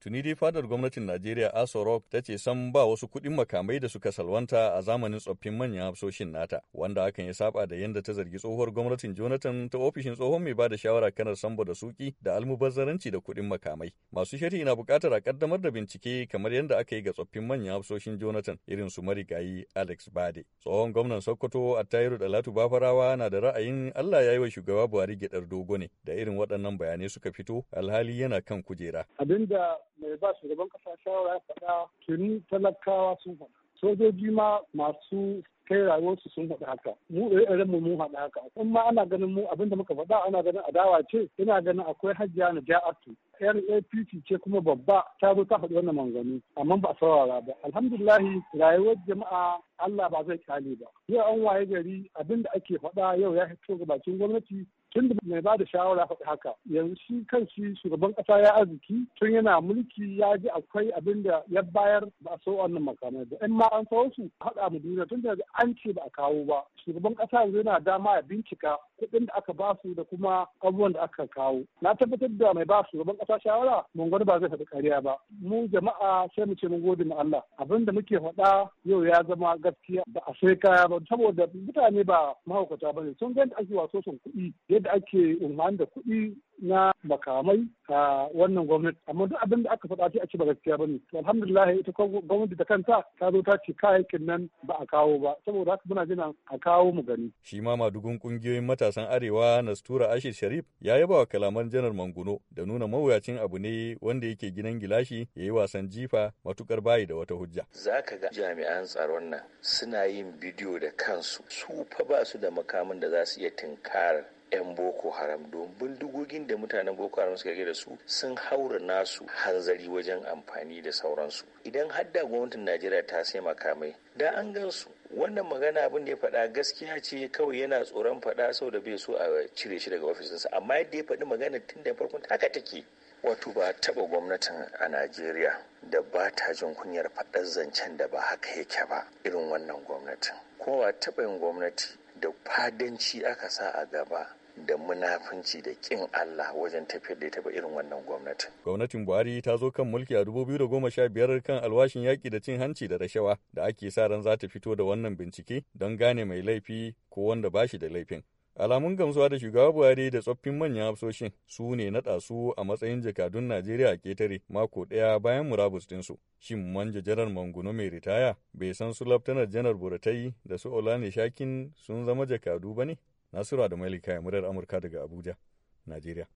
Tuni dai fadar gwamnatin Najeriya Aso Rock ta ce san ba wasu kuɗin makamai da suka salwanta a zamanin tsoffin manyan hafsoshin nata, wanda hakan ya saba da yadda ta zargi tsohuwar gwamnatin Jonathan ta ofishin tsohon mai bada shawara kanar Sambo da Suki da almubazzaranci da kuɗin makamai. Masu sharhi na buƙatar a kaddamar da bincike kamar yadda aka yi ga tsoffin manyan hafsoshin Jonathan irin su marigayi Alex Bade. Tsohon gwamnan Sokoto a Attahiru Dalatu Bafarawa na da ra'ayin Allah ya yi wa shugaba Buhari gyaɗar dogo ne da irin waɗannan bayanai suka fito alhali yana kan kujera. Abinda mai ba shugaban kasa shawara ya faɗa tuni talakawa sun faɗa sojoji ma masu kai rayuwarsu sun faɗi haka mu irin mu mun hada haka kuma ma ana ganin mu abinda muka faɗa ana ganin adawa ce ina ganin akwai hajjiya na ja'atu yar APC ce kuma babba ta zo ta faɗi wannan mangani amma ba a saurara ba alhamdulillahi rayuwar jama'a Allah ba zai kyale ba yau an waye gari abinda ake faɗa yau ya fito ga bakin gwamnati tun da mai ba da shawara faɗi haka yanzu shi kan shi shugaban ƙasa ya arziki tun yana mulki ya ji akwai abin da ya bayar ba a so wannan makamai ba in ma an kawo su haɗa mu duniya tun da an ce ba a kawo ba shugaban ƙasa yanzu yana dama ya bincika kuɗin da aka basu da kuma abubuwan da aka kawo na tabbatar da mai ba shugaban ƙasa shawara mun gwada ba zai faɗi ƙarya ba mu jama'a sai mu ce mun gode ma Allah abin da muke faɗa yau ya zama gaskiya ba a sai kaya ba saboda mutane ba mahaukata ba ne sun ga yadda ake waso kuɗi yadda ake umarni da kuɗi na makamai a wannan gwamnati amma duk abin da aka faɗa a ci ba gaskiya bane alhamdulillah ita gwamnati da kanta ta zo ta ce kayayyakin nan ba a kawo ba saboda haka muna jina a kawo mu gani shi ma madugun kungiyoyin matasan arewa Nastura Ashir Sharif ya yaba wa kalaman janar Manguno da nuna mawuyacin abu ne wanda yake gidan gilashi ya yi wasan jifa matukar bayi da wata hujja za ka ga jami'an tsaron nan suna yin bidiyo da kansu su fa ba su da makamin da za su iya tinkarar 'yan boko haram don bindigo hanzarin da mutanen boko haram suka da su sun haura nasu hanzari wajen amfani da sauransu idan hadda gwamnatin najeriya ta sai makamai da an gansu wannan magana abin da ya faɗa gaskiya ce kawai yana tsoron faɗa saboda bai so a cire shi daga ofisinsa amma yadda ya faɗi magana tun da farkon haka take wato ba taɓa gwamnatin a najeriya da ba ta jin kunyar faɗar zancen da ba haka yake ba irin wannan gwamnatin kuma ba taɓa yin gwamnati da fadanci aka sa a gaba da munafunci da kin Allah wajen tafiyar da ita ba irin wannan gwamnati Gwamnatin Buhari ta zo kan mulki a 2015 kan alwashin yaƙi da cin hanci da rashawa da ake sa ran za ta fito da wannan bincike don gane mai laifi ko wanda ba shi da laifin. Alamun gamsuwa da shugaba Buhari da tsoffin manyan hafsoshin su ne naɗa su a matsayin jakadun Najeriya a ƙetare mako ɗaya bayan murabus ɗinsu. Shin manja janar Manguno mai ritaya bai san su Laftanar Janar Buratai da su Olani Shakin sun zama jakadu ba ne? Nasiru da ya murar Amurka daga Abuja, Najeriya.